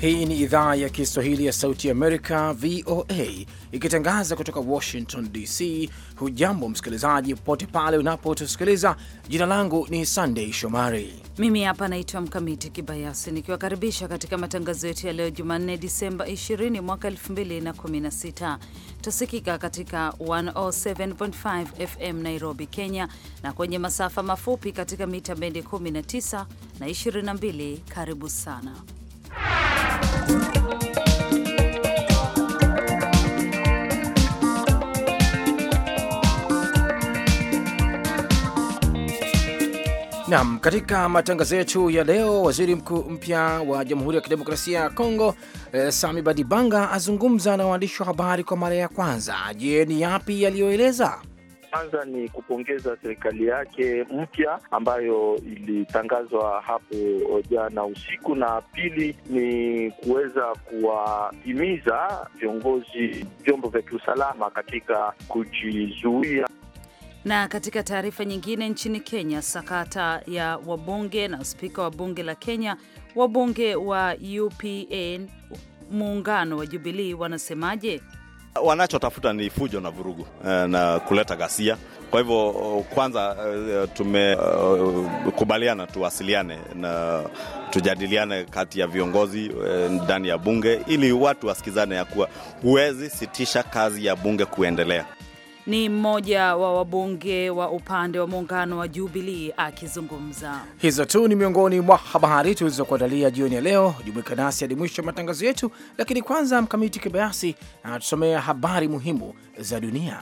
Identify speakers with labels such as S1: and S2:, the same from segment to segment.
S1: Hii ni idhaa ya Kiswahili ya Sauti ya Amerika, VOA, ikitangaza kutoka Washington DC. Hujambo msikilizaji, popote pale unapotusikiliza. Jina langu ni Sandei Shomari,
S2: mimi hapa naitwa Mkamiti Kibayasi, nikiwakaribisha katika matangazo yetu ya leo Jumanne, Disemba 20 mwaka 2016. Tusikika katika 107.5 FM Nairobi, Kenya, na kwenye masafa mafupi katika mita bendi 19 na 22. Karibu sana
S1: Nam, katika matangazo yetu ya leo, waziri mkuu mpya wa Jamhuri ya Kidemokrasia ya Kongo eh, Sami Badibanga azungumza na waandishi wa habari kwa mara ya kwanza. Je, ni yapi yaliyoeleza?
S3: Kwanza ni kupongeza serikali yake mpya ambayo ilitangazwa hapo jana usiku, na pili ni kuweza kuwahimiza viongozi vyombo vya kiusalama katika kujizuia.
S2: Na katika taarifa nyingine, nchini Kenya, sakata ya wabunge na spika wa bunge la Kenya, wabunge wa UPN muungano wa Jubilii wanasemaje?
S4: Wanachotafuta ni fujo na vurugu eh, na kuleta ghasia. Kwa hivyo oh, kwanza, eh, tumekubaliana eh, tuwasiliane na tujadiliane kati ya viongozi ndani ya bunge ili watu wasikizane ya kuwa huwezi sitisha kazi ya bunge kuendelea
S2: ni mmoja wa wabunge wa upande wa muungano wa Jubilee akizungumza.
S1: Hizo tu ni miongoni mwa habari tulizokuandalia jioni ya leo. Jumuika nasi hadi mwisho matangazo yetu, lakini kwanza Mkamiti Kibayasi anatusomea habari muhimu za dunia.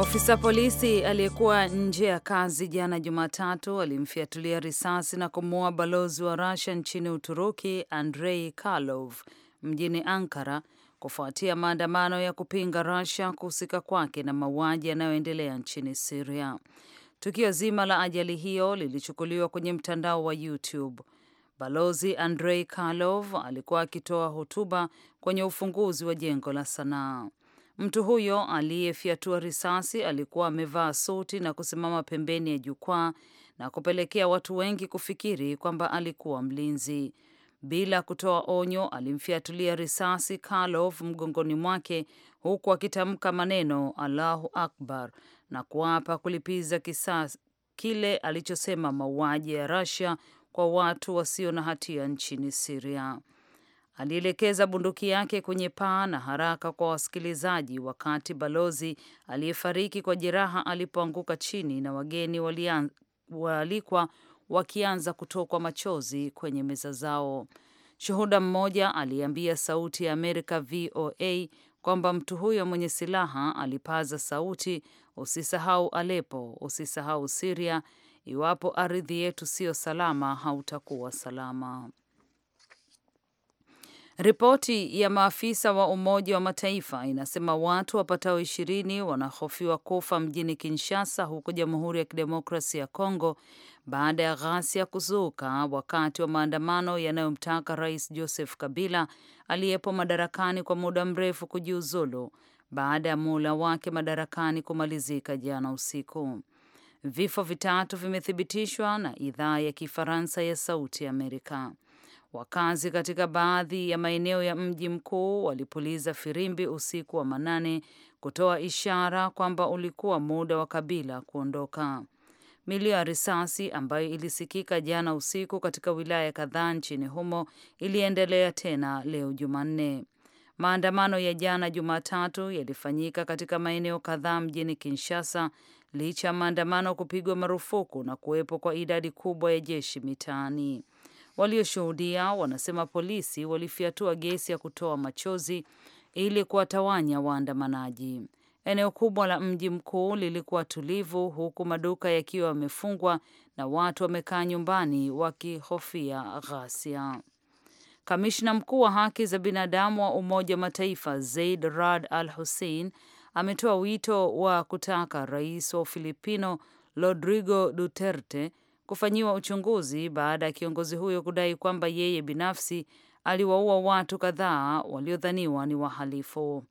S2: Ofisa polisi aliyekuwa nje ya kazi jana Jumatatu alimfiatulia risasi na kumuua balozi wa Russia nchini Uturuki Andrei Karlov mjini Ankara kufuatia maandamano ya kupinga Russia kuhusika kwake na mauaji yanayoendelea nchini siria Tukio zima la ajali hiyo lilichukuliwa kwenye mtandao wa YouTube. Balozi Andrei Karlov alikuwa akitoa hotuba kwenye ufunguzi wa jengo la sanaa. Mtu huyo aliyefyatua risasi alikuwa amevaa suti na kusimama pembeni ya jukwaa na kupelekea watu wengi kufikiri kwamba alikuwa mlinzi. Bila kutoa onyo, alimfyatulia risasi Karlov mgongoni mwake huku akitamka maneno Allahu Akbar na kuapa kulipiza kisasi kile alichosema mauaji ya Russia kwa watu wasio na hatia nchini Syria alielekeza bunduki yake kwenye paa na haraka kwa wasikilizaji, wakati balozi aliyefariki kwa jeraha alipoanguka chini na wageni waalikwa wakianza kutokwa machozi kwenye meza zao. Shuhuda mmoja aliambia Sauti ya Amerika VOA kwamba mtu huyo mwenye silaha alipaza sauti, usisahau Alepo, usisahau Siria, iwapo ardhi yetu siyo salama, hautakuwa salama. Ripoti ya maafisa wa Umoja wa Mataifa inasema watu wapatao ishirini wanahofiwa kufa mjini Kinshasa huko Jamhuri ya Kidemokrasi ya Kongo baada ya ghasia kuzuka wakati wa maandamano yanayomtaka Rais Joseph Kabila aliyepo madarakani kwa muda mrefu kujiuzulu baada ya muhula wake madarakani kumalizika jana usiku. Vifo vitatu vimethibitishwa na idhaa ya Kifaransa ya Sauti Amerika. Wakazi katika baadhi ya maeneo ya mji mkuu walipuliza firimbi usiku wa manane kutoa ishara kwamba ulikuwa muda wa kabila kuondoka. Milio ya risasi ambayo ilisikika jana usiku katika wilaya kadhaa nchini humo iliendelea tena leo Jumanne. Maandamano ya jana Jumatatu yalifanyika katika maeneo kadhaa mjini Kinshasa licha ya maandamano kupigwa marufuku na kuwepo kwa idadi kubwa ya jeshi mitaani. Walioshuhudia wanasema polisi walifyatua gesi ya kutoa machozi ili kuwatawanya waandamanaji. Eneo kubwa la mji mkuu lilikuwa tulivu, huku maduka yakiwa yamefungwa na watu wamekaa nyumbani wakihofia ghasia. Kamishna mkuu wa haki za binadamu wa Umoja wa Mataifa Zaid Rad Al Hussein ametoa wito wa kutaka rais wa Ufilipino Rodrigo Duterte kufanyiwa uchunguzi baada ya kiongozi huyo kudai kwamba yeye binafsi aliwaua watu kadhaa waliodhaniwa ni wahalifu.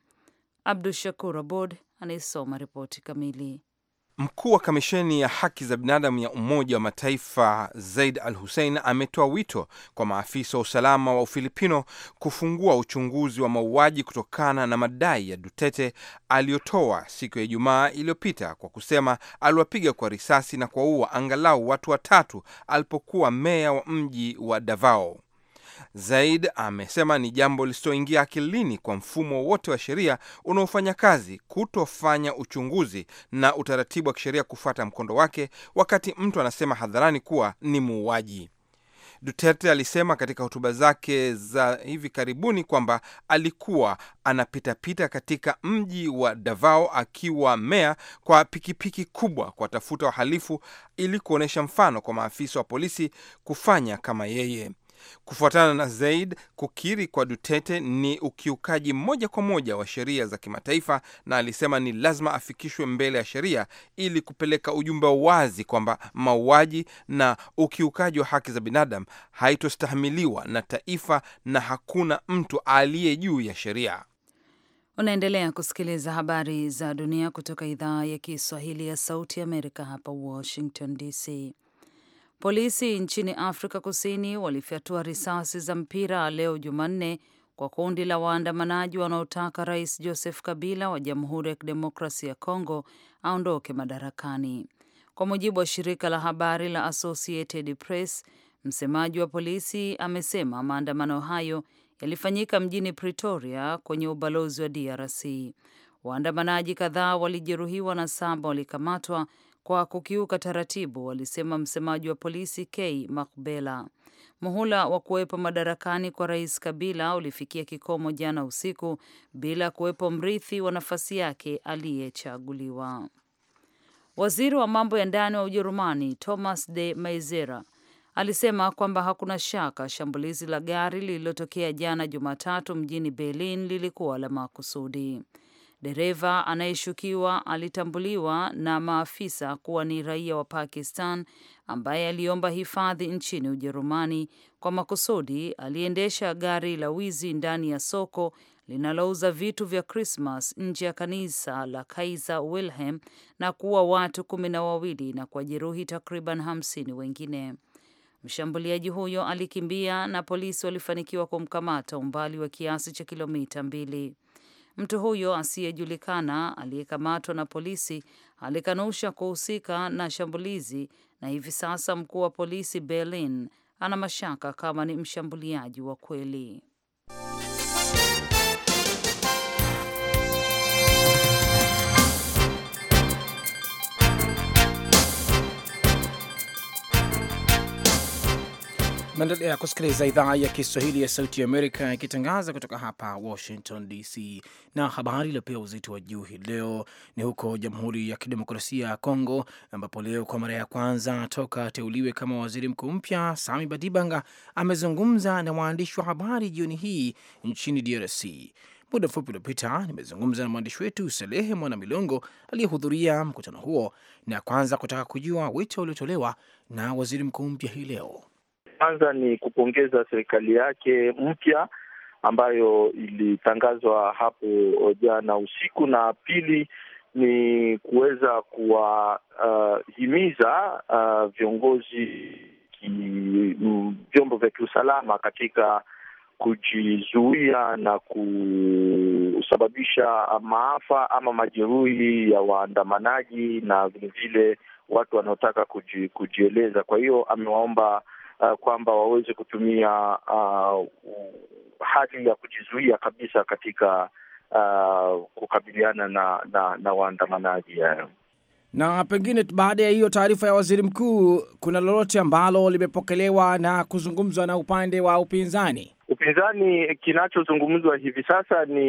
S2: Abdu Shakur Abod anayesoma ripoti kamili.
S5: Mkuu wa kamisheni ya haki za binadamu ya Umoja wa Mataifa Zaid Al Hussein ametoa wito kwa maafisa wa usalama wa Ufilipino kufungua uchunguzi wa mauaji kutokana na madai ya Duterte aliyotoa siku ya Ijumaa iliyopita kwa kusema aliwapiga kwa risasi na kuwaua angalau watu watatu alipokuwa meya wa mji wa Davao. Zaid amesema ni jambo lisiloingia akilini kwa mfumo wote wa sheria unaofanya kazi kutofanya uchunguzi na utaratibu wa kisheria kufuata mkondo wake wakati mtu anasema hadharani kuwa ni muuaji. Duterte alisema katika hotuba zake za hivi karibuni kwamba alikuwa anapitapita katika mji wa Davao akiwa meya kwa pikipiki kubwa kuwatafuta wahalifu ili kuonyesha mfano kwa maafisa wa polisi kufanya kama yeye. Kufuatana na Zaid, kukiri kwa Duterte ni ukiukaji moja kwa moja wa sheria za kimataifa, na alisema ni lazima afikishwe mbele ya sheria ili kupeleka ujumbe wazi kwamba mauaji na ukiukaji wa haki za binadamu haitostahimiliwa na taifa na hakuna mtu aliye juu ya sheria.
S2: Unaendelea kusikiliza habari za dunia kutoka idhaa ya Kiswahili ya Sauti ya Amerika hapa Washington DC. Polisi nchini Afrika Kusini walifyatua risasi za mpira leo Jumanne kwa kundi la waandamanaji wanaotaka Rais Joseph Kabila wa Jamhuri ya Kidemokrasi ya Kongo aondoke madarakani. Kwa mujibu wa shirika la habari la Associated Press, msemaji wa polisi amesema maandamano hayo yalifanyika mjini Pretoria kwenye ubalozi wa DRC. Waandamanaji kadhaa walijeruhiwa na saba walikamatwa kwa kukiuka taratibu, alisema msemaji wa polisi K Makbela. Muhula wa kuwepo madarakani kwa rais Kabila ulifikia kikomo jana usiku bila kuwepo mrithi wa nafasi yake aliyechaguliwa. Waziri wa mambo ya ndani wa Ujerumani Thomas de Maizera alisema kwamba hakuna shaka shambulizi la gari lililotokea jana Jumatatu mjini Berlin lilikuwa la makusudi. Dereva anayeshukiwa alitambuliwa na maafisa kuwa ni raia wa Pakistan ambaye aliomba hifadhi nchini Ujerumani. Kwa makusudi, aliendesha gari la wizi ndani ya soko linalouza vitu vya Krismas nje ya kanisa la Kaiser Wilhelm na kuua watu kumi na wawili na kuwajeruhi takriban hamsini wengine. Mshambuliaji huyo alikimbia na polisi walifanikiwa kumkamata umbali wa kiasi cha kilomita mbili. Mtu huyo asiyejulikana aliyekamatwa na polisi alikanusha kuhusika na shambulizi na hivi sasa mkuu wa polisi Berlin ana mashaka kama ni mshambuliaji wa kweli.
S1: Naendelea kusikiliza idhaa ya Kiswahili ya Sauti ya Amerika ikitangaza kutoka hapa Washington DC, na habari iliyopewa uzito wa juu hii leo ni huko Jamhuri ya Kidemokrasia ya Kongo, ambapo leo kwa mara ya kwanza toka ateuliwe kama waziri mkuu mpya, Sami Badibanga amezungumza na waandishi wa habari jioni hii nchini DRC. Muda mfupi uliopita nimezungumza na mwandishi wetu Salehe milongo aliyehudhuria mkutano huo, na kwanza kutaka kujua wito uliotolewa na waziri mkuu mpya hii leo
S3: kwanza ni kupongeza serikali yake mpya ambayo ilitangazwa hapo jana usiku, na pili ni kuweza kuwahimiza uh, uh, viongozi mm, vyombo vya kiusalama katika kujizuia na kusababisha maafa ama majeruhi ya waandamanaji na vilevile watu wanaotaka kuji, kujieleza. Kwa hiyo amewaomba uh, kwamba waweze kutumia uh, hali ya kujizuia kabisa katika uh, kukabiliana na na, na waandamanaji hayo.
S1: Na pengine baada ya hiyo taarifa ya waziri mkuu, kuna lolote ambalo limepokelewa na kuzungumzwa na upande wa upinzani?
S3: Upinzani kinachozungumzwa hivi sasa ni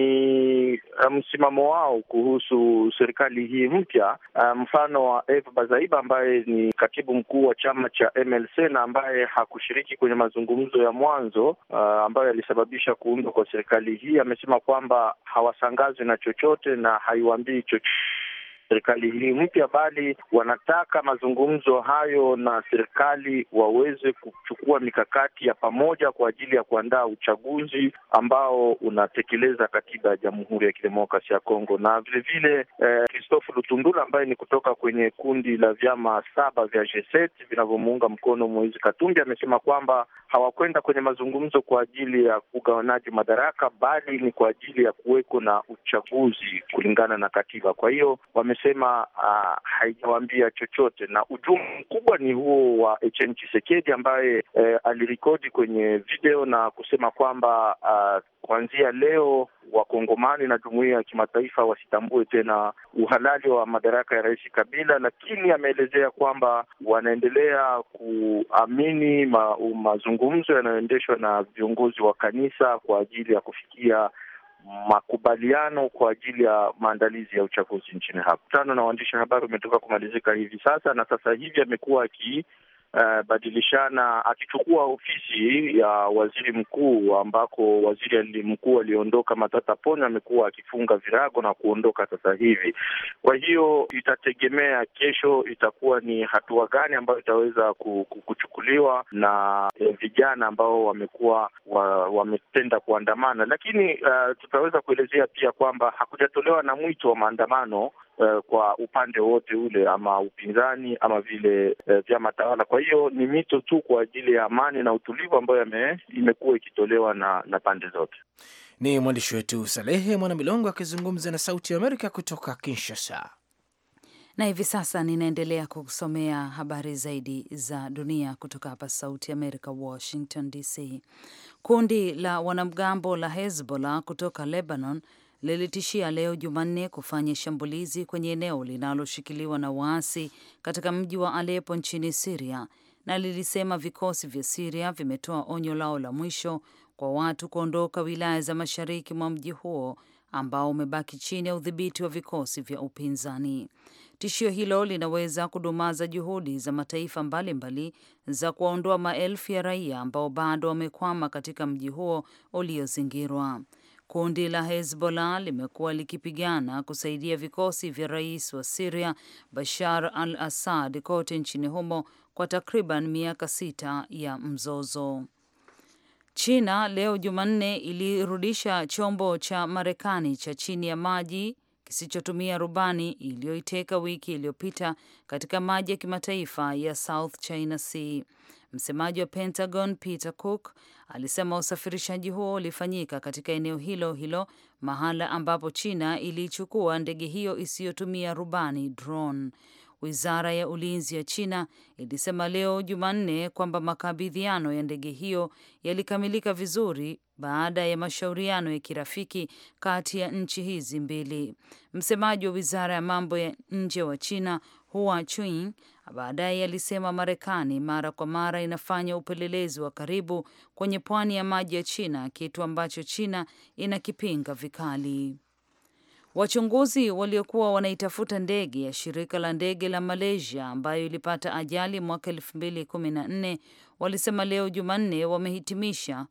S3: uh, msimamo um, wao kuhusu serikali hii mpya. Uh, mfano um, wa Eva Bazaiba ambaye ni katibu mkuu wa chama cha MLC na ambaye hakushiriki kwenye mazungumzo ya mwanzo uh, ambayo yalisababisha kuundwa kwa serikali hii, amesema kwamba hawasangazwi na chochote na haiwaambii chochote serikali hii mpya, bali wanataka mazungumzo hayo na serikali waweze kuchukua mikakati ya pamoja kwa ajili ya kuandaa uchaguzi ambao unatekeleza katiba ya Jamhuri ya Kidemokrasia ya Kongo. Na vilevile eh, Christophe eh, Lutundula ambaye ni kutoka kwenye kundi la vyama saba vya G7 vinavyomuunga mkono Moise Katumbi amesema kwamba hawakwenda kwenye mazungumzo kwa ajili ya kugawanaji madaraka, bali ni kwa ajili ya kuweko na uchaguzi kulingana na katiba. Kwa hiyo wame amesema uh, ah, haijawambia chochote, na ujumbe mkubwa ni huo wa Etienne Tshisekedi ambaye eh, alirikodi kwenye video na kusema kwamba uh, kuanzia leo Wakongomani na jumuiya ya kimataifa wasitambue tena uhalali wa madaraka ya Rais Kabila, lakini ameelezea kwamba wanaendelea kuamini ma, mazungumzo yanayoendeshwa na viongozi wa kanisa kwa ajili ya kufikia makubaliano kwa ajili ya maandalizi ya uchaguzi nchini hapo. Mkutano na waandishi habari umetoka kumalizika hivi sasa, na sasa hivi amekuwa aki Eh, badilishana akichukua ofisi ya waziri mkuu, ambako waziri mkuu aliondoka Matata Ponyo amekuwa akifunga virago na kuondoka sasa hivi. Kwa hiyo itategemea kesho itakuwa ni hatua gani ambayo itaweza kuchukuliwa na eh, vijana ambao wamekuwa wametenda kuandamana, lakini uh, tutaweza kuelezea pia kwamba hakujatolewa na mwito wa maandamano uh, kwa upande wote ule, ama upinzani ama vile eh, vyama uh, tawala. Kwa hiyo ni mito tu kwa ajili ya amani na utulivu ambayo imekuwa ikitolewa na, na pande zote.
S1: Ni mwandishi wetu Salehe Mwanamilongo akizungumza na Sauti ya Amerika kutoka
S2: Kinshasa. Na hivi sasa ninaendelea kusomea habari zaidi za dunia kutoka hapa Sauti ya Amerika, Washington DC. Kundi la wanamgambo la Hezbollah kutoka Lebanon lilitishia leo Jumanne kufanya shambulizi kwenye eneo linaloshikiliwa na waasi katika mji wa Aleppo nchini Siria na lilisema vikosi vya Siria vimetoa onyo lao la mwisho kwa watu kuondoka wilaya za mashariki mwa mji huo ambao umebaki chini ya udhibiti wa vikosi vya upinzani. Tishio hilo linaweza kudumaza juhudi za mataifa mbalimbali za kuwaondoa maelfu ya raia ambao bado wamekwama katika mji huo uliozingirwa. Kundi la Hezbollah limekuwa likipigana kusaidia vikosi vya rais wa Siria Bashar al Assad kote nchini humo kwa takriban miaka sita ya mzozo. China leo Jumanne ilirudisha chombo cha Marekani cha chini ya maji kisichotumia rubani iliyoiteka wiki iliyopita katika maji ya kimataifa ya South China Sea. Msemaji wa Pentagon Peter Cook alisema usafirishaji huo ulifanyika katika eneo hilo hilo, mahala ambapo China iliichukua ndege hiyo isiyotumia rubani drone. Wizara ya ulinzi ya China ilisema leo Jumanne kwamba makabidhiano ya ndege hiyo yalikamilika vizuri baada ya mashauriano ya kirafiki kati ya nchi hizi mbili. Msemaji wa wizara ya mambo ya nje wa China Hua Chuing baadaye alisema Marekani mara kwa mara inafanya upelelezi wa karibu kwenye pwani ya maji ya China, kitu ambacho China inakipinga vikali. Wachunguzi waliokuwa wanaitafuta ndege ya shirika la ndege la Malaysia ambayo ilipata ajali mwaka 2014 walisema leo Jumanne wamehitimisha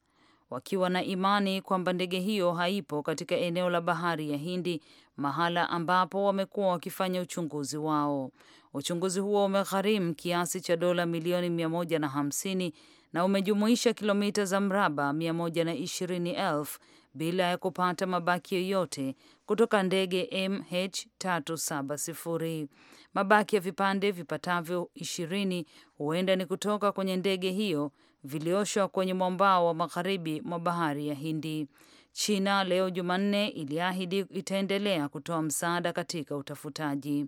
S2: wakiwa na imani kwamba ndege hiyo haipo katika eneo la bahari ya Hindi, mahala ambapo wamekuwa wakifanya uchunguzi wao. Uchunguzi huo umegharimu kiasi cha dola milioni 150 na umejumuisha kilomita za mraba 120,000 bila ya kupata mabaki yoyote kutoka ndege MH370. Mabaki ya vipande vipatavyo ishirini huenda ni kutoka kwenye ndege hiyo vilioshwa kwenye mwambao wa magharibi mwa bahari ya Hindi. China leo Jumanne iliahidi itaendelea kutoa msaada katika utafutaji.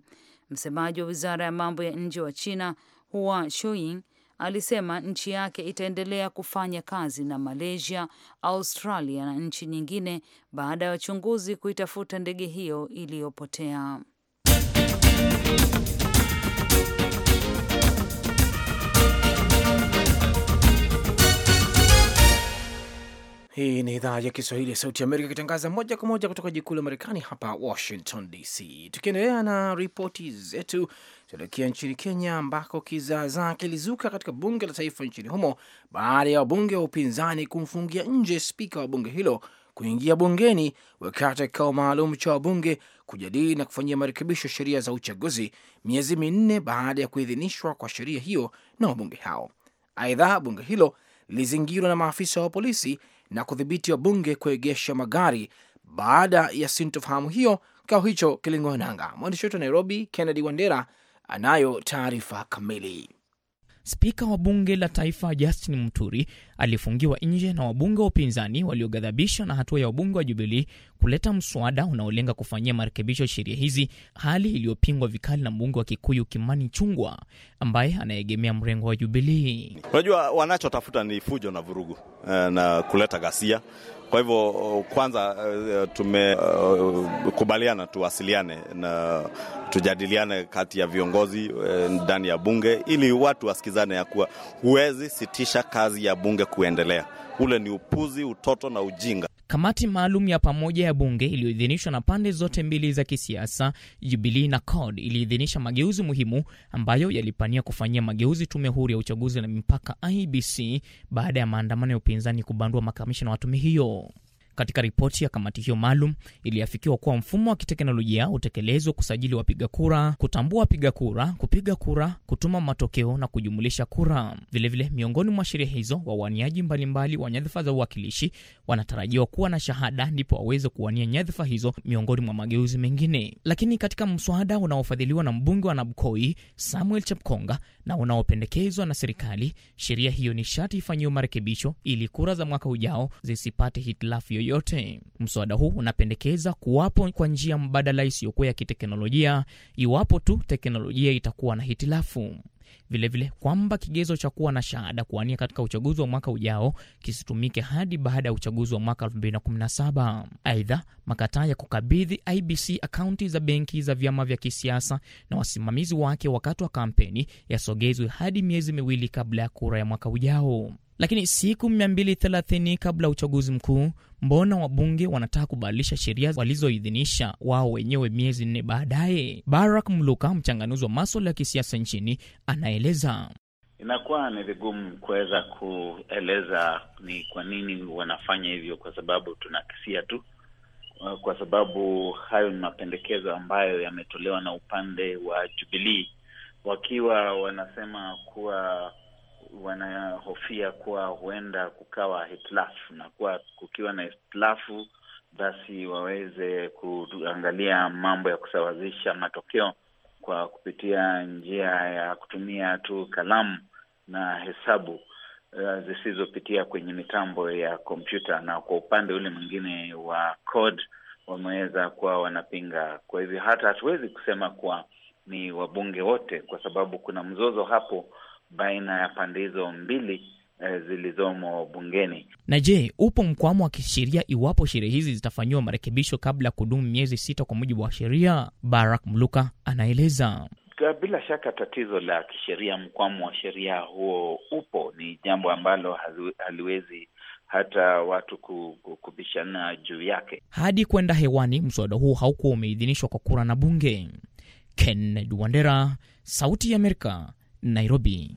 S2: Msemaji wa wizara ya mambo ya nje wa China Hua Shuying alisema nchi yake itaendelea kufanya kazi na Malaysia, Australia na nchi nyingine baada ya wachunguzi kuitafuta ndege hiyo iliyopotea.
S1: Hii ni idhaa ya Kiswahili ya Sauti ya Amerika ikitangaza moja kwa moja kutoka jikuu la Marekani hapa Washington DC. Tukiendelea na ripoti zetu, tuelekea nchini Kenya ambako kizaazaa kilizuka katika bunge la taifa nchini humo baada ya wabunge wa upinzani kumfungia nje spika wa bunge hilo kuingia bungeni wakati wa kikao maalum cha wabunge kujadili na kufanyia marekebisho sheria za uchaguzi, miezi minne baada ya kuidhinishwa kwa sheria hiyo na wabunge hao. Aidha, bunge hilo lilizingirwa na maafisa wa polisi na kudhibiti wabunge kuegesha magari baada ya sintofahamu hiyo. Kikao hicho kilingoananga Mwandishi wetu wa Nairobi, Kennedy Wandera, anayo taarifa kamili.
S6: Spika wa bunge la taifa Justin Muturi alifungiwa nje na wabunge wa upinzani walioghadhabishwa na hatua ya wabunge wa Jubilii kuleta mswada unaolenga kufanyia marekebisho sheria hizi, hali iliyopingwa vikali na mbunge wa Kikuyu Kimani Chungwa ambaye anaegemea mrengo wa Jubilii.
S4: Unajua, wanachotafuta ni fujo na vurugu eh, na kuleta ghasia kwa hivyo uh, kwanza uh, uh, tumekubaliana tuwasiliane na tujadiliane kati ya viongozi ndani ya bunge ili watu wasikizane ya kuwa huwezi sitisha kazi ya bunge kuendelea. Ule ni upuzi, utoto na ujinga.
S6: Kamati maalum ya pamoja ya bunge iliyoidhinishwa na pande zote mbili za kisiasa, Jubilee na CORD, iliidhinisha mageuzi muhimu ambayo yalipania kufanyia mageuzi tume huru ya uchaguzi na mipaka ibc baada ya maandamano ya upinzani kubandua makamishina wa tume hiyo. Katika ripoti ya kamati hiyo maalum, iliafikiwa kuwa mfumo wa kiteknolojia utekelezwe kusajili wapiga kura, kutambua wapiga kura, kupiga kura, kutuma matokeo na kujumulisha kura. Vilevile vile, miongoni mwa sheria hizo, wawaniaji mbalimbali wa nyadhifa za uwakilishi wanatarajiwa kuwa na shahada ndipo waweze kuwania nyadhifa hizo, miongoni mwa mageuzi mengine. Lakini katika mswada unaofadhiliwa na mbunge wa Nabukoi Samuel Chepkonga na unaopendekezwa na serikali, sheria hiyo ni sharti ifanyiwe marekebisho ili kura za mwaka ujao zisipate hitilafu yoyote. Mswada huu unapendekeza kuwapo kwa njia mbadala isiyokuwa ya kiteknolojia, iwapo tu teknolojia itakuwa na hitilafu vilevile kwamba kigezo cha kuwa na shahada kuwania katika uchaguzi wa mwaka ujao kisitumike hadi baada ya uchaguzi wa mwaka 2017. Aidha, makataa ya kukabidhi IBC akaunti za benki za vyama vya kisiasa na wasimamizi wake wakati wa kampeni yasogezwe hadi miezi miwili kabla ya kura ya mwaka ujao. Lakini siku 230 kabla ya uchaguzi mkuu, mbona wabunge wanataka kubadilisha sheria walizoidhinisha wao wenyewe miezi nne baadaye? Barak Mluka, mchanganuzi wa maswala ya kisiasa nchini, anaeleza.
S4: Inakuwa ni vigumu kuweza kueleza ni kwa nini wanafanya hivyo, kwa sababu tunakisia tu, kwa sababu hayo ni mapendekezo ambayo yametolewa na upande wa Jubilii wakiwa wanasema kuwa wanahofia kuwa huenda kukawa hitilafu na kuwa kukiwa na hitilafu, basi waweze kuangalia mambo ya kusawazisha matokeo kwa kupitia njia ya kutumia tu kalamu na hesabu uh, zisizopitia kwenye mitambo ya kompyuta. Na kwa upande ule mwingine wa code wameweza kuwa wanapinga. Kwa hivyo hata hatuwezi kusema kuwa ni wabunge wote, kwa sababu kuna mzozo hapo baina ya pande hizo mbili e, zilizomo bungeni.
S6: Na je, upo mkwamo wa kisheria iwapo sheria hizi zitafanyiwa marekebisho kabla ya kudumu miezi sita kwa mujibu wa sheria? Barak Mluka anaeleza.
S4: Bila shaka tatizo la kisheria, mkwamo wa sheria huo upo, ni jambo ambalo haliwezi hata watu kupishana juu yake.
S6: Hadi kwenda hewani, mswada huo haukuwa umeidhinishwa kwa kura na bunge. Kennedy Wandera, Sauti ya Amerika, Nairobi.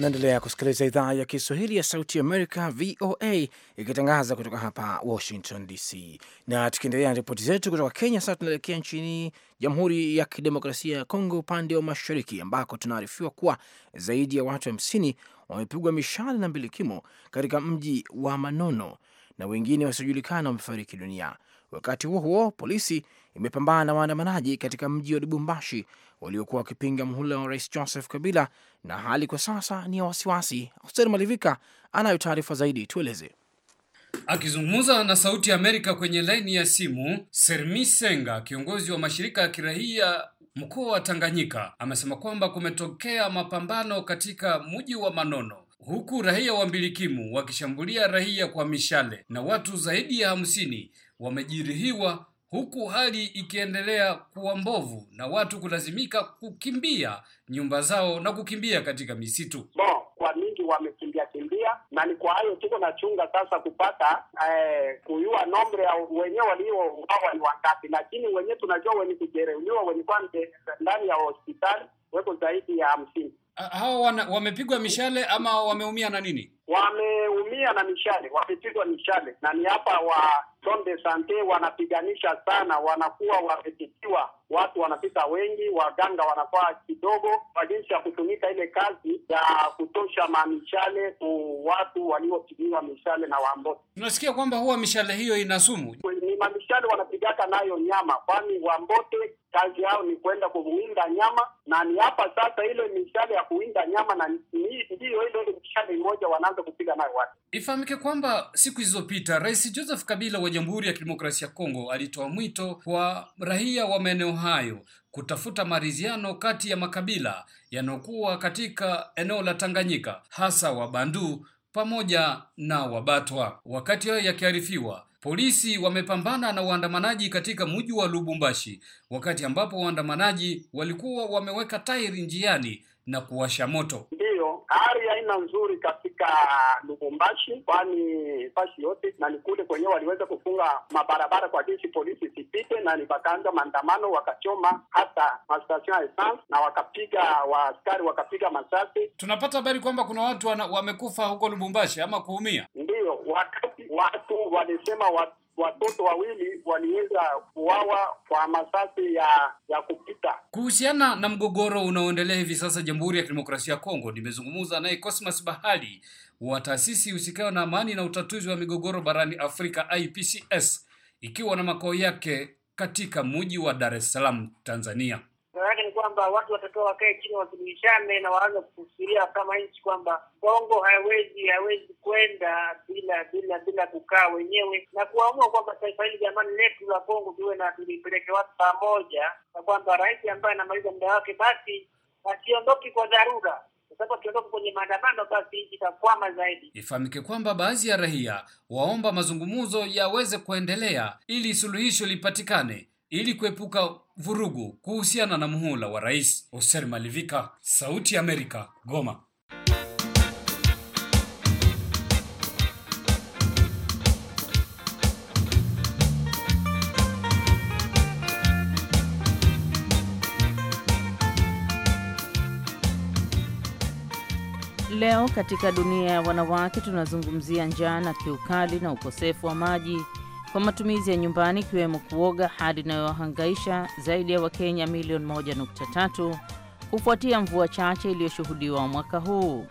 S1: Naendelea kusikiliza idhaa ya Kiswahili ya Sauti Amerika, VOA, ikitangaza kutoka hapa Washington DC. Na tukiendelea na ripoti zetu kutoka Kenya, sasa tunaelekea nchini Jamhuri ya Kidemokrasia ya Kongo, upande wa mashariki, ambako tunaarifiwa kuwa zaidi ya watu hamsini wamepigwa mishale na mbilikimo katika mji wa Manono na wengine wasiojulikana wamefariki dunia. Wakati huo huo, polisi imepambana na waandamanaji katika mji wa Lubumbashi waliokuwa wakipinga mhula wa rais Joseph Kabila, na hali kwa sasa ni ya wasiwasi. Hosen Malivika anayo taarifa
S7: zaidi, tueleze. Akizungumza na Sauti ya Amerika kwenye laini ya simu, Sermi Senga, kiongozi wa mashirika ya kirahia mkoa wa Tanganyika, amesema kwamba kumetokea mapambano katika mji wa Manono huku raia wa mbilikimu wakishambulia raia kwa mishale na watu zaidi ya hamsini wamejeruhiwa huku hali ikiendelea kuwa mbovu na watu kulazimika kukimbia nyumba zao na kukimbia katika misitu Bo kwa mingi wamekimbia kimbia, na ni kwa hayo
S8: tuko na chunga sasa kupata eh, kuyua nombre ya wenyewe waliouawa ni wangapi, lakini wenyewe tunajua wenye kujeruhiwa wenye kwa ndani ya hospitali weko
S7: zaidi ya hamsini. Ah, hao wamepigwa mishale ama wameumia na nini? Wameumia
S8: na mishale, wamepigwa mishale na ni hapa wa Sonde Sante wanapiganisha sana, wanakuwa wametikiwa, watu wanapita wengi, waganga wanakuwa kidogo, kwa jinsi ya kutumika ile kazi ya kutosha mamishale ku watu waliopigiwa mishale na Wambote.
S7: Tunasikia kwamba huwa mishale hiyo
S8: ina sumu, ni mamishale wanapigaka nayo nyama, kwani Wambote kazi yao ni kwenda kuwinda nyama, na ni hapa sasa ile mishale ya kuwinda nyama, na ndiyo ile mishale moja wanaanza kupiga nayo watu
S7: Ifahamike kwamba siku zilizopita Rais Joseph Kabila wa Jamhuri ya Kidemokrasia ya Kongo alitoa mwito kwa raia wa maeneo hayo kutafuta maridhiano kati ya makabila yanayokuwa katika eneo la Tanganyika, hasa Wabandu pamoja na Wabatwa. Wakati hayo yakiarifiwa, polisi wamepambana na waandamanaji katika mji wa Lubumbashi, wakati ambapo waandamanaji walikuwa wameweka tairi njiani na kuwasha moto.
S8: Ndiyo, hali haina nzuri katika Lubumbashi, kwani fashi yote na ni kule kwenye waliweza kufunga mabarabara kwa jinsi polisi isipite, na nipakaanza maandamano, wakachoma hata mastation esanse na wakapiga waaskari, wakapiga masasi.
S7: Tunapata habari kwamba kuna watu wana, wamekufa huko Lubumbashi ama kuumia. Ndiyo, wakati watu walisema watu watoto wawili waliweza
S8: kuwawa kwa masasi ya ya
S7: kupita. Kuhusiana na mgogoro unaoendelea hivi sasa Jamhuri ya Kidemokrasia ya Kongo, nimezungumza naye Cosmas Bahali wa taasisi husikayo na amani na utatuzi wa migogoro barani Afrika IPCS ikiwa na makao yake katika mji wa Dar es Salaam, Tanzania.
S8: ni kwamba watu watu wakae chini wasuluhishane na waanze kufikiria kama nchi kwamba Kongo haiwezi haiwezi kwenda bila bila bila kukaa wenyewe na kuamua kwamba taifa hili jamani letu la Kongo tuwe na tulipeleke watu pamoja, na kwamba rais ambaye anamaliza muda wake basi asiondoki kwa dharura kwenye maandamano basi itakwama zaidi.
S7: Ifahamike kwamba baadhi ya raia waomba mazungumzo yaweze kuendelea ili suluhisho lipatikane, ili kuepuka vurugu kuhusiana na muhula wa rais. hoser Malivika, Sauti ya Amerika, Goma.
S9: Leo katika dunia ya wanawake tunazungumzia njaa na kiukali na ukosefu wa maji kwa matumizi ya nyumbani ikiwemo kuoga, hali inayowahangaisha zaidi ya Wakenya milioni 1.3 kufuatia mvua chache iliyoshuhudiwa mwaka huu.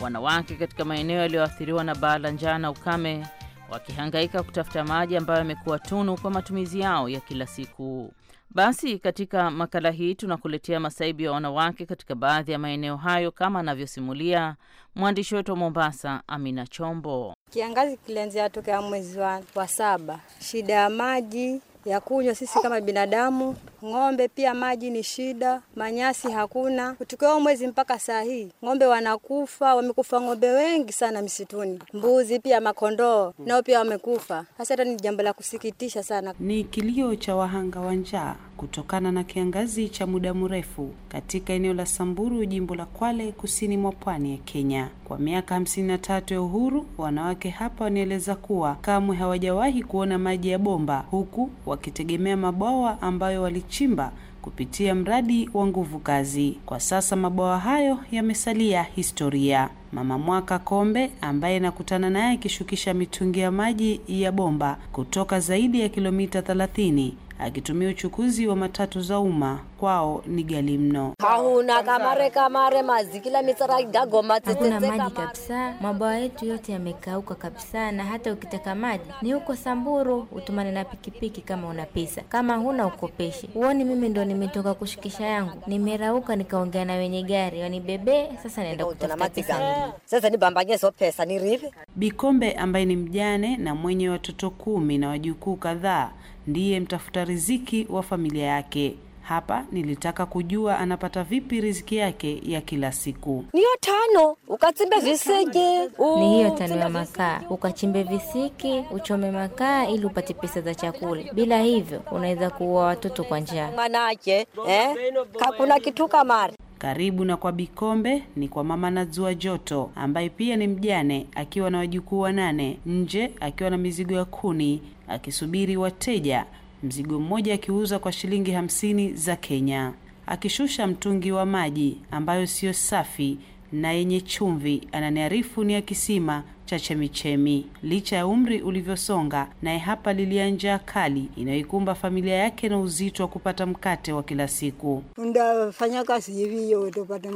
S9: Wanawake katika maeneo yaliyoathiriwa na baa la njaa na ukame wakihangaika kutafuta maji ambayo yamekuwa tunu kwa matumizi yao ya kila siku. Basi katika makala hii tunakuletea masaibu ya wanawake katika baadhi ya maeneo hayo, kama anavyosimulia mwandishi wetu wa Mombasa, Amina Chombo.
S5: Kiangazi kilianzia tokea mwezi wa, wa saba, shida ya maji ya kunywa, sisi kama binadamu ng'ombe pia maji ni shida, manyasi hakuna. Tukiwa mwezi mpaka saa hii ng'ombe wanakufa, wamekufa ng'ombe wengi sana msituni, mbuzi pia makondoo nao pia wamekufa. Hasa hata ni jambo la kusikitisha sana.
S10: Ni kilio cha wahanga wa njaa kutokana na kiangazi cha muda mrefu katika eneo la Samburu, jimbo la Kwale, kusini mwa pwani ya Kenya. Kwa miaka 53 ya uhuru, wanawake hapa wanaeleza kuwa kamwe hawajawahi kuona maji ya bomba, huku wakitegemea mabwawa ambayo wali kuchimba kupitia mradi wa nguvu kazi. Kwa sasa mabwawa hayo yamesalia historia. Mama Mwaka Kombe ambaye inakutana naye akishukisha mitungi ya maji ya bomba kutoka zaidi ya kilomita 30 akitumia uchukuzi wa matatu za umma kwao ni gali mno.
S9: Hauna kamare kamare mazi kila misara gagoma, hakuna maji kabisa. Mabwawa yetu yote yamekauka kabisa, na hata ukitaka maji ni huko Samburu, utumane na pikipiki kama una pesa, kama huna ukopeshe. Huoni mimi ndo nimetoka kushikisha yangu, nimerauka nikaongea na wenye gari wanibebee, sasa naenda kutafuta pesa. Sasa nibambanye so pesa rive.
S10: Bikombe ambaye ni mjane na mwenye watoto kumi na wajukuu kadhaa ndiye mtafuta riziki wa familia yake. Hapa nilitaka kujua anapata vipi riziki yake ya kila siku.
S9: Niyo tano ukachimbe visiki ni hiyo tano ya makaa, ukachimbe visiki, uchome makaa ili upate pesa za chakula. Bila hivyo unaweza kuua watoto kwa njaa manake eh? kakuna kitu kamari
S10: karibu na kwa Bikombe ni kwa mama Nazua Joto ambaye pia ni mjane akiwa na wajukuu wanane, nje akiwa na mizigo ya kuni akisubiri wateja, mzigo mmoja akiuza kwa shilingi hamsini za Kenya, akishusha mtungi wa maji ambayo siyo safi na yenye chumvi, ananiarifu ni ya kisima cha chemichemi. Licha ya umri ulivyosonga, naye hapa lilia njaa kali inayoikumba familia yake na uzito wa kupata mkate wa kila siku.
S4: Ndafanya kazi hivi hiyo tupate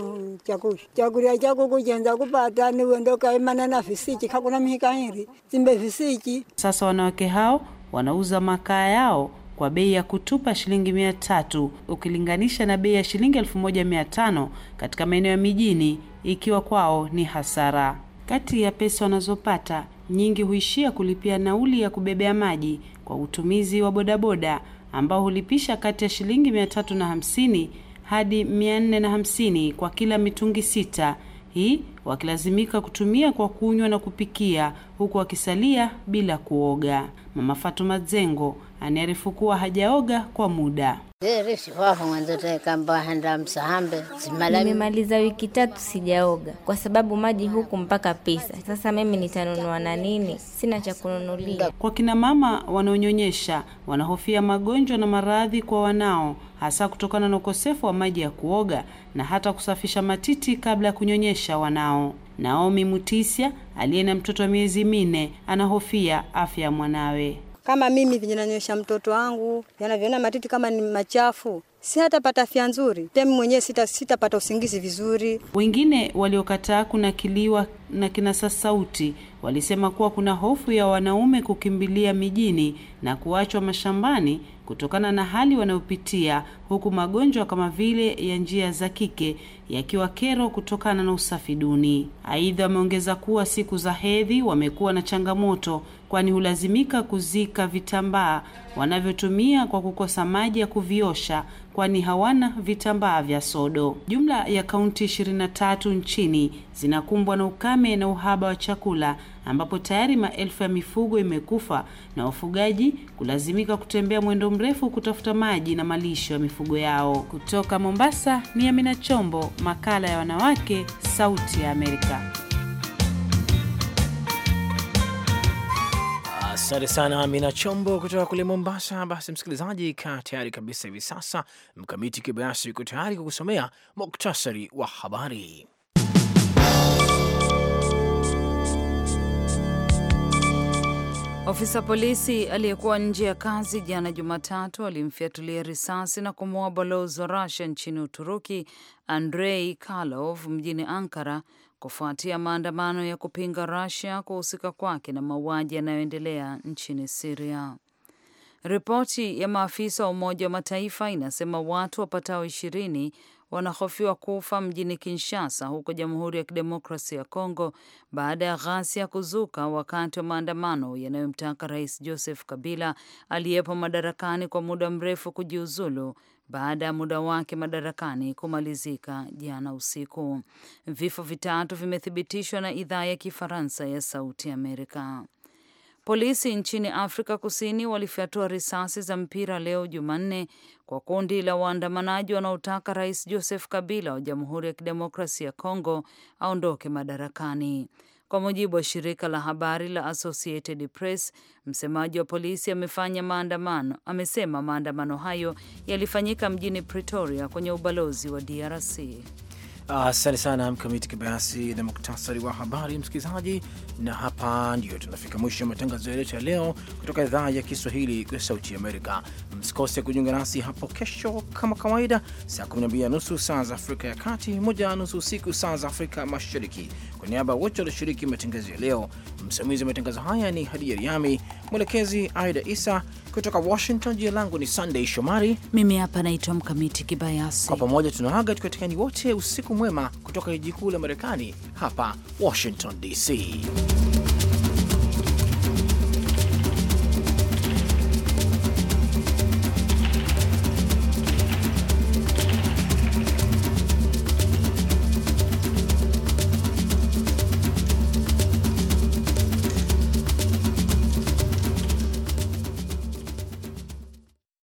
S4: chakula chakulia chako kujenza kupata niwendokaimana na visichi kakuna mihikairi zimbe visichi.
S10: Sasa wanawake hao wanauza makaa yao kwa bei ya kutupa shilingi mia tatu ukilinganisha na bei ya shilingi elfu moja mia tano katika maeneo ya mijini, ikiwa kwao ni hasara. Kati ya pesa wanazopata nyingi huishia kulipia nauli ya kubebea maji kwa utumizi wa bodaboda ambao hulipisha kati ya shilingi hamsini hadi na hamsini kwa kila mitungi sita. Hii wakilazimika kutumia kwa kunywa na kupikia huku wakisalia bila kuoga. Mama Fatuma Zengo anaarifu kuwa hajaoga kwa muda.
S9: Nimemaliza wiki tatu sijaoga, kwa sababu maji huku mpaka pesa. Sasa mimi nitanunua na nini? Sina cha kununulia.
S10: Kwa kina mama wanaonyonyesha, wanahofia magonjwa na maradhi kwa wanao, hasa kutokana na ukosefu wa maji ya kuoga na hata kusafisha matiti kabla ya kunyonyesha wanao nao. Naomi Mutisia aliye na mtoto wa miezi minne anahofia afya ya mwanawe.
S5: Kama mimi venye nanyosha mtoto wangu yanavyoona matiti kama ni machafu, si hatapata afya nzuri, temi mwenyewe sita sitapata usingizi
S10: vizuri. Wengine waliokataa kunakiliwa na kinasa sauti walisema kuwa kuna hofu ya wanaume kukimbilia mijini na kuachwa mashambani kutokana na hali wanayopitia, huku magonjwa kama vile ya njia za kike yakiwa kero kutokana na usafi duni. Aidha, wameongeza kuwa siku za hedhi wamekuwa na changamoto kwani hulazimika kuzika vitambaa wanavyotumia kwa kukosa maji ya kuviosha kwani hawana vitambaa vya sodo. Jumla ya kaunti 23 nchini zinakumbwa na ukame na uhaba wa chakula ambapo tayari maelfu ya mifugo imekufa na wafugaji kulazimika kutembea mwendo mrefu kutafuta maji na malisho ya mifugo yao. Kutoka Mombasa ni Amina Chombo, makala ya wanawake, Sauti ya Amerika.
S1: Asante sana Amina Chombo kutoka kule Mombasa. Basi msikilizaji, kaa tayari kabisa hivi sasa, Mkamiti Kibayasi yuko tayari kukusomea muktasari wa habari.
S2: Ofisa polisi aliyekuwa nje ya kazi jana Jumatatu alimfyatulia risasi na kumuua balozi wa Rusia nchini Uturuki Andrei Karlov mjini Ankara kufuatia maandamano ya kupinga Russia kuhusika kwake na mauaji yanayoendelea nchini siria Ripoti ya maafisa wa Umoja wa Mataifa inasema watu wapatao ishirini wanahofiwa kufa mjini Kinshasa huko Jamhuri ya Kidemokrasia ya Kongo baada ya ghasia kuzuka wakati wa maandamano yanayomtaka Rais Joseph Kabila aliyepo madarakani kwa muda mrefu kujiuzulu baada ya muda wake madarakani kumalizika jana usiku. Vifo vitatu vimethibitishwa na idhaa ya Kifaransa ya Sauti Amerika. Polisi nchini Afrika Kusini walifyatua risasi za mpira leo Jumanne kwa kundi la waandamanaji wanaotaka Rais Joseph Kabila wa Jamhuri ya Kidemokrasia ya Kongo aondoke madarakani. Kwa mujibu wa shirika la habari la Associated Press, msemaji wa polisi amefanya maandamano amesema maandamano hayo yalifanyika mjini Pretoria kwenye ubalozi wa DRC.
S1: Asante uh, sana Mkamiti Kibayasi na muktasari wa habari, msikilizaji. Na hapa ndio tunafika mwisho wa matangazo yetu ya leo kutoka idhaa ya Kiswahili ya Sauti ya Amerika. Msikose kujiunga nasi hapo kesho kama kawaida, saa 12 nusu saa za Afrika ya Kati, moja na nusu usiku saa za Afrika Mashariki. Kwa niaba ya wote walioshiriki matangazo ya leo, msimamizi wa matangazo haya ni Hadija Riami, mwelekezi Aida Isa kutoka Washington. Jina langu ni Sandey Shomari,
S2: mimi hapa naitwa Mkamiti Kibayasi. Kwa pamoja tunaaga tukiwatikani wote
S1: usiku usiku mwema kutoka jiji kuu la Marekani hapa Washington DC.